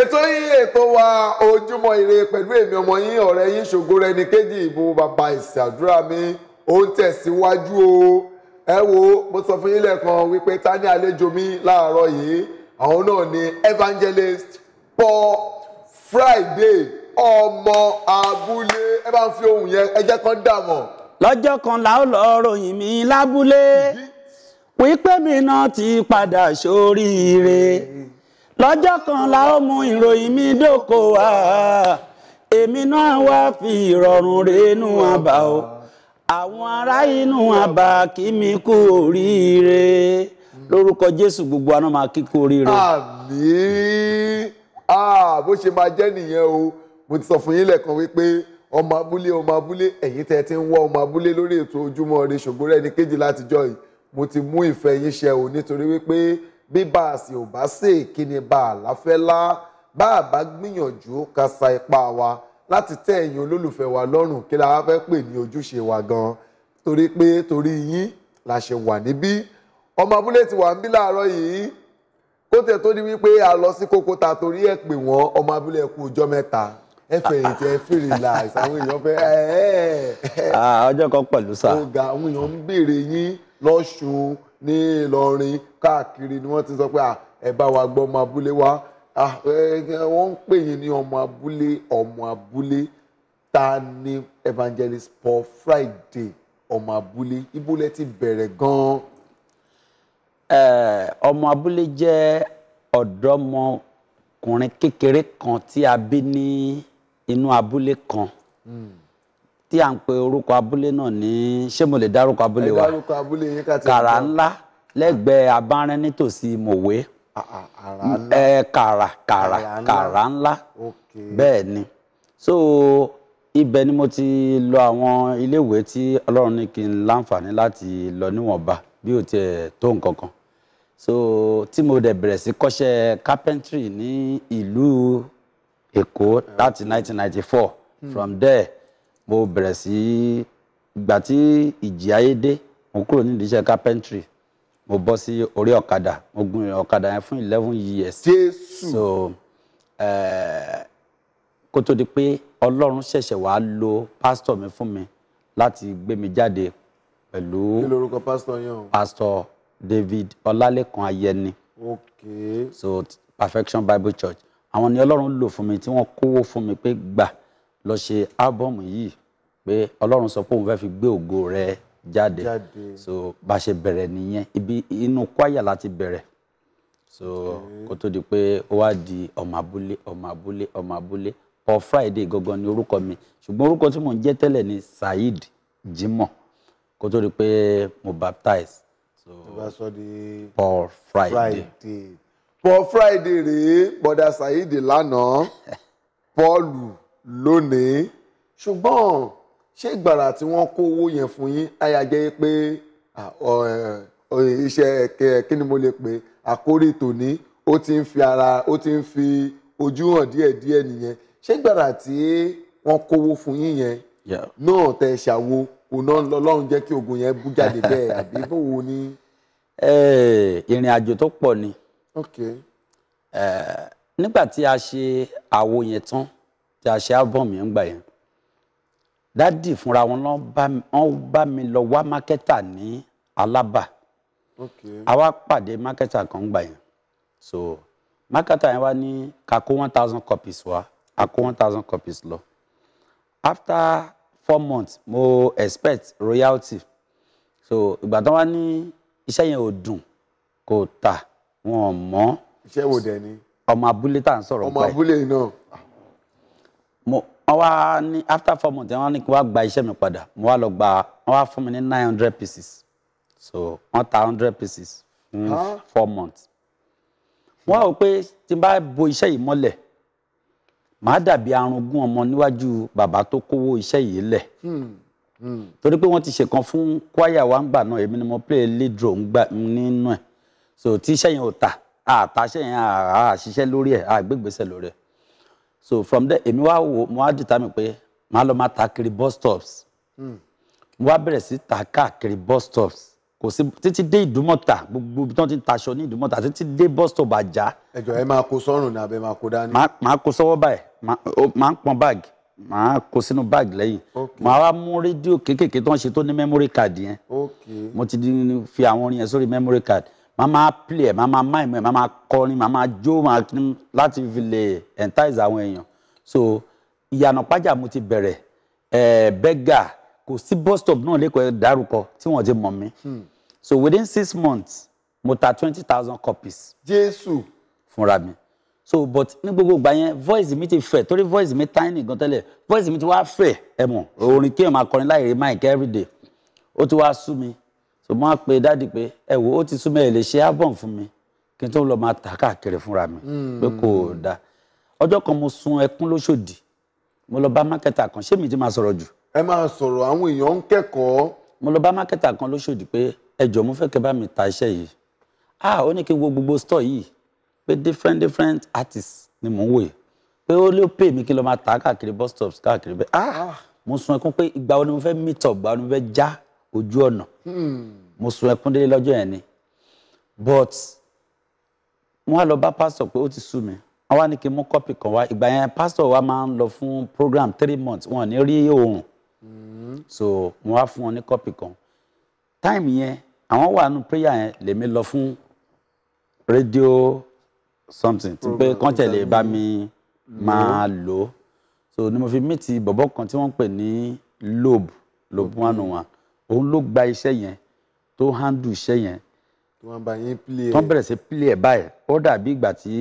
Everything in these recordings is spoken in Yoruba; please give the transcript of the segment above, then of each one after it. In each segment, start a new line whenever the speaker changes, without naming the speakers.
ètò yín ètò wa ojúmọ́ ire pẹ̀lú èmi ọmọ yín ọ̀rẹ́ yín Ṣògorẹni kejì ìbò bàbá ìṣàdúrà mi ó ń tẹ̀síwájú o ẹ wo mo sọ fún yín lẹ́ẹ̀kan wípé ta ní àlejò mi láàárọ̀ yìí àwọn náà ni evangelist Paul Friday ọmọ abúlé ẹ bá ń fi ohun
yẹn ẹ jẹ́ kán dàmọ̀. lọ́jọ́ kan la lọ ròyìn mi lábúlé wípé mi náà ti padà sóríire. Mm -hmm lọ́jọ́ kan la ó mú ìròyìn mi dóko wá èmi náà wá fi ìrọ̀rùn rénú àbá o àwọn ará inú àbá kí mi kú oríire lórúkọ Jésù gbogbo àná máa kí kú oríire. àmín
ah, bó ṣe máa jẹ́ nìyẹn o mo ti sọ fún yín lẹ́ẹ̀kan wípé ọmọ abúlé ọmọ abúlé ẹ̀yin tẹ́ ti ń wá ọmọ abúlé lórí ètò ojúmọ́ ire ṣògbórẹ́ ní kejì látijọ́ yìí mo ti mú ìfẹ́ yín ṣẹ o nítorí wípé bí bá a sì ò bá ṣe kí bá a láfẹ́ lá bá a bá gbìyànjú ká sa ipá wa láti tẹ́ ẹ̀yin olólùfẹ́ wa lọ́rùn kí la wá fẹ́ pè ní ojúṣe wa gan torí pé torí yín la ṣe wà níbí ọmọ abúlé ti wà ń bí láàárọ̀ yìí kó tẹ̀ tó ní wípé a lọ sí kókó ta torí ẹ̀ pè wọ́n ọmọ abúlé kú ọjọ́ mẹ́ta ẹ fẹ̀yìntì ẹ fìrìlà ìsàwọn èèyàn fẹ́ ẹ
ẹ. Ah, ọjọ́ kan pẹ̀lú sáà. ó
àwọn èèyàn ń béèrè yín lọ́sùn ní Ìlọrin káàkiri ni wọ́n ti sọ pé ẹ bá wa gbọ́ ọmọ abúlé wa wọ́n ń pè yín ní ọmọ abúlé ọmọ abúlé ta ni Evangelist Paul Friday ọmọ abúlé ibo lẹ ti bẹ̀rẹ̀ gan-an.
ọmọ abúlé jẹ́ ọ̀dọ́mọkùnrin kékeré kan tí a bí ní inú abúlé kan. Mm tí à ń pe orúkọ abúlé náà ní ṣé mo lè dárúkọ abúlé wa kàrà ńlá lẹ́gbẹ̀ẹ́ abárin nítòsí mòwe ẹ kàrà kàrà kàrà ńlá bẹ́ẹ̀ ni so ibẹ̀ ni mo ti lọ àwọn iléèwé tí Ọlọ́run ní kí n láǹfààní láti lọ níwọ̀nba bí ó tiẹ̀ tó nǹkan kan so tí mo dẹ̀ bẹ̀rẹ̀ sí kọ́ṣẹ́ carpentry ní ìlú Èkó láti 1994 from there mo bẹ̀rẹ̀ sí ìgbà tí ìjì ayé dé mo kúrò nídìí iṣẹ́ carpentry mo bọ́ sí orí ọ̀kadà mo gun ọ̀kadà yẹn fún eleven years. jésù so kó tó di pé ọlọ́run ṣẹ̀ṣẹ̀ wàá lo pastor mi fún mi láti gbé mi jáde pẹ̀lú pásítọ̀ David Ọlálékan Ayẹni okay. so Perfection Bible Church àwọn ni ọlọ́run lò fún mi tí wọ́n kówó fún mi pé gbà lọ ṣe ábọ̀mù yìí pé ọlọ́run sọ pé òun fẹ́ẹ́ fi gbé ògo rẹ jáde so bá ṣe bẹ̀rẹ̀ nìyẹn ibi inú kwaya láti bẹ̀rẹ̀ so kó tó di pé ó wá di ọmọ abúlé ọmọ abúlé ọmọ abúlé Paul Friday gangan ni orúkọ mi ṣùgbọ́n orúkọ tí mò ń jẹ́ tẹ́lẹ̀ ni Saheed Jimoh kó tó di pé mo baptize so Paul Friday. Friday.
Paul Friday rèé bọ́dà Saheed lánàá Paul. lónìí ṣùgbọ́n ṣé ìgbàrà tí wọ́n kó owó yẹn fún yín ayájẹ́ pé iṣẹ́ kí ni mo lè pè àkórí tòní ó ti ń fi ara ó ti ń fi ojú hàn díẹ̀díẹ̀ nìyẹn ṣé ìgbàrà tí wọ́n kówó fún yín yẹn náà
tẹ ṣàwo òná lọ́lọ́run jẹ́ kí ogun yẹn bú jáde bẹ́ẹ̀ àbí báwo ni. ìrìn àjò tó pọ̀ ni nígbà tí a ṣe àwo yẹn tán tí a ṣe album yẹn ń gbà yẹn dádì fúnra wọn wọ́n bá mi lọ wá mákẹ́tà ní alábà a wá pàdé mákẹ́tà kan gbà yẹn so mákẹ́tà yẹn wá ní ká kó one thousand copies wá a kó one thousand copies lọ after four months mo expect royalty so ìgbà tán wá ní iṣẹ́ yẹn ò dùn kò tà wọn ò mọ́ iṣẹ́ wo dẹ̀ ni ọmọ abúlé tá à ń sọ̀rọ̀ pẹ́ ọmọ abúlé náà wọ́n wá ní after four months wọ́n ní kí wọ́n gba iṣẹ́ mi padà mo wá lọ gba wọ́n wá fún mi ní nine hundred pieces so wọ́n ta hundred pieces fún four months wọ́n rò pé tí n bá bo iṣẹ́ yìí mọ́lẹ̀ màá dàbí arungún ọmọ níwájú bàbá tó kówó iṣẹ́ yìí lẹ̀ hmm, hmm. torí pé wọ́n ti ṣèkan fún kwaya wa ń gbà náà èmi ni mo play lead role ń gbà nínú ẹ̀ so tí iṣẹ́ yẹn ò ta àtàṣe yẹn àṣiṣẹ́ lórí ẹ̀ àgbégbèsè lórí ẹ̀ so from there èmi wá wò mo wá determine pé màá lọ máa ta kiri bus stops hmm. mo wá bẹ̀rẹ̀ sí ta káàkiri bus stops kò sí títí dé ìdúmọ̀tà gbogbo ibi tí wọ́n ti ń taṣọ ní ìdúmọ̀tà títí dé bus stop àjà. ẹjọ ẹ máa kó sọ́rùn ní abẹ máa kó dání. màá kó sọ́wọ́ báyìí màá ń pọn báàgì màá kó sínú báàgì lẹ́yìn màá wá mú rédíò kéékèèké tó ń ṣe tó ní mẹ́mórì káàdì yẹn mo ti fi àwọn orin yẹn sórí mẹ́mórì káàdì máa máa play ẹ̀ máa máa máìmù ẹ̀ máa máa kọrin máa máa jó máa láti fi lè entice àwọn èèyàn so ìyànà pàjá mo ti bẹ̀rẹ̀ ẹ̀ bẹ́gà kò sí bus stop náà lẹ́kọ̀ọ́ ẹ̀ dárúkọ tí wọ́n ti mọ̀ mí hmm. so within six months mo ta twenty thousand copies. jésù. fúnra mi so but ní gbogbo ìgbà yẹn voice mi ti fẹ̀ torí voice mi tiny gan tẹ́lẹ̀ voice mi ti wá fẹ̀ ẹ mọ̀ orin kéèyàn máa kọrin láì rí mic everyday ó ti wá sú mi so mo á pe dáàdi pé ẹ wo ó ti súnmọ́ ẹ lè ṣe album fún mi kí n tó lọ máa tà káàkiri fúnra mi pé kò dáa ọjọ́ kan mo sun ẹkún lóṣòdì mo lọ bá mákẹ́tà kan ṣé mi ti máa sọ̀rọ̀ jù. ẹ máa sọ̀rọ̀ àwọn èèyàn ń kẹ́kọ̀ọ́. mo lọ bá mákẹ́tà kan lóṣòdì pé ẹ mo fẹ́ kẹ́ bá mi ta iṣẹ́ yìí ah ó ní kí n wo gbogbo store yìí pé different different artists ni mò ń wò yìí pé ó lè pè mí kí lọ máa tà káàkiri bus stops káàkiri bẹ́ẹ̀ ah mo sun ẹkún pé ìgbà wo ni mo fẹ́ meet up ìgbà wo ni mo fẹ́ já ojú ọ̀nà hmm. mo sun ẹkún délé lọ́jọ́ yẹn ni but wọ́n á lọ bá pásítọ̀ pé ó ti sú mi wọ́n wá ní kí n mú kọ́pì kan wá ìgbà yẹn pásítọ̀ wa máa ń lọ fún program three months wọn ò ní rí oòrùn hmm. so mo wá fún wọn ní kọ́pì kan táìmù yẹn àwọn wà nù prayer yẹn lèmi lọ fún rédíò something ti pé kọ́ńtẹ̀ lè bá mi hmm. máa lò ó so ni mo fi mí ti bọ̀bọ̀ kan tí wọ́n ń pè ní lobe lobe one on oh one òun ló gba iṣẹ́ yẹn tó handle iṣẹ́ yẹn tó bẹ̀rẹ̀ sí play ẹ̀ báyìí ó dàbí ìgbà tí.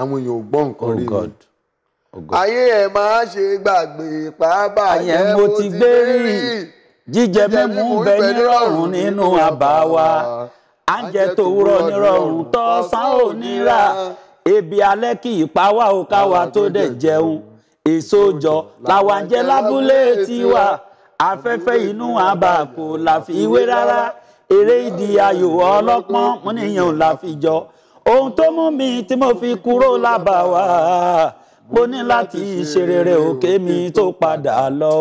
àwọn èèyàn ò gbọ́ nǹkan oh rí ni
oh ayé ẹ máa ṣe gbàgbé pàápàá ayé mo ti gbé rí
jíjẹ mímú bẹ nírọ̀rùn nínú àbá wa à ń jẹ tòwúrọ̀ nírọ̀rùn ò níra ebi alẹ́ kì í pa wá o tó dẹ̀ jẹun èso jọ làwọn jẹ lábúlé tiwa afẹ́fẹ́ inú àbá kò là fi ìwé rárá eré ìdí ayò ọlọ́pọ́n mo níyàn ò là fi jọ ohun tó mú mi tí mo fi kúrò lábà wá mo ní láti ṣe rere òkè mi tó padà lọ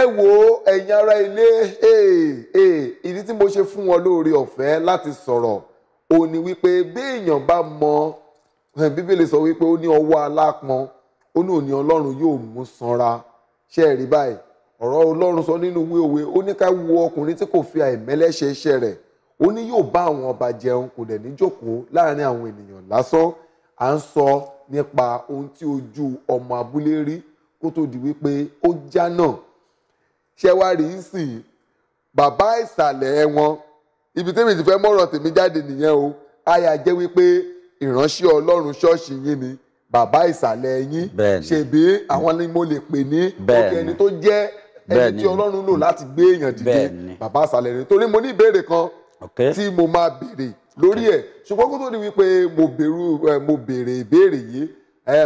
ẹ wo
ẹ̀yin ará ilé eh, eh, ìdí tí mo ṣe fún wọn lóore ọ̀fẹ́ láti sọ̀rọ̀ ó ní wípé béèyàn bá mọ eh, bíbélì sọ wípé ó ní ọwọ́ alápọn ó ní òní ọlọ́run yóò mú sanra ṣe é rí báyìí ọ̀rọ̀ ọlọ́run sọ nínú ìwé òwe ó ní ká wo ọkùnrin tí kò fi àìmẹ́lẹ́ ṣe iṣẹ́ rẹ̀ ó ní yóò bá àwọn ọba jẹun kò dẹ̀ ní jókòó láàrin àwọn ènìyàn lásán à ń sọ nípa ohun tí ojú ọmọ abúlé rí kó tó di wípé ó já náà ṣé sìn bàbá ìsàlẹ̀ wọn ibi tẹ́mi ti fẹ́ mọ́rọ̀ tèmi jáde nìyẹn o àyà jẹ́ wípé ìránṣẹ́ ọlọ́run ṣọ́ọ̀ṣì yín ni bàbá ìsàlẹ̀ yín ṣèbí àwọn ni mo lè pè ní ó tó jẹ́ ẹni tí ọlọ́run lò láti gbé èèyàn dìde bàbá àṣàlẹ̀ rẹ̀ torí mo ní ìbéèrè kan tí mo máa béèrè lórí ẹ̀ ṣùgbọ́n kó tó di wípé mo béèrè ìbéèrè yìí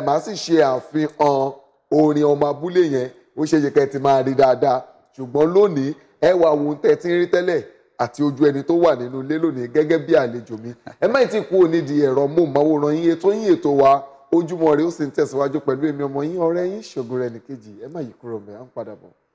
màá sì ṣe àfihàn orin ọmọ abúlé yẹn ó ṣe yẹ kẹ́ ti máa rí dáadáa ṣùgbọ́n lónìí ẹ wà ohun tẹ́ ti ń rí tẹ́lẹ̀ àti ojú ẹni tó wà nínú ilé lónìí gẹ́gẹ́ bí àlejò mi ẹ má ti kú òní di ẹ̀rọ móhùnmáwòrán yín ètò yín ètò wa Ojúmọ́ Ire ó sì ń tẹ̀síwájú pẹ̀lú èmi ọmọ yín ọ̀rẹ́ yín Ṣògùrẹ́nìkejì ẹ má yí kúrò mẹ́ à ń padà bọ̀.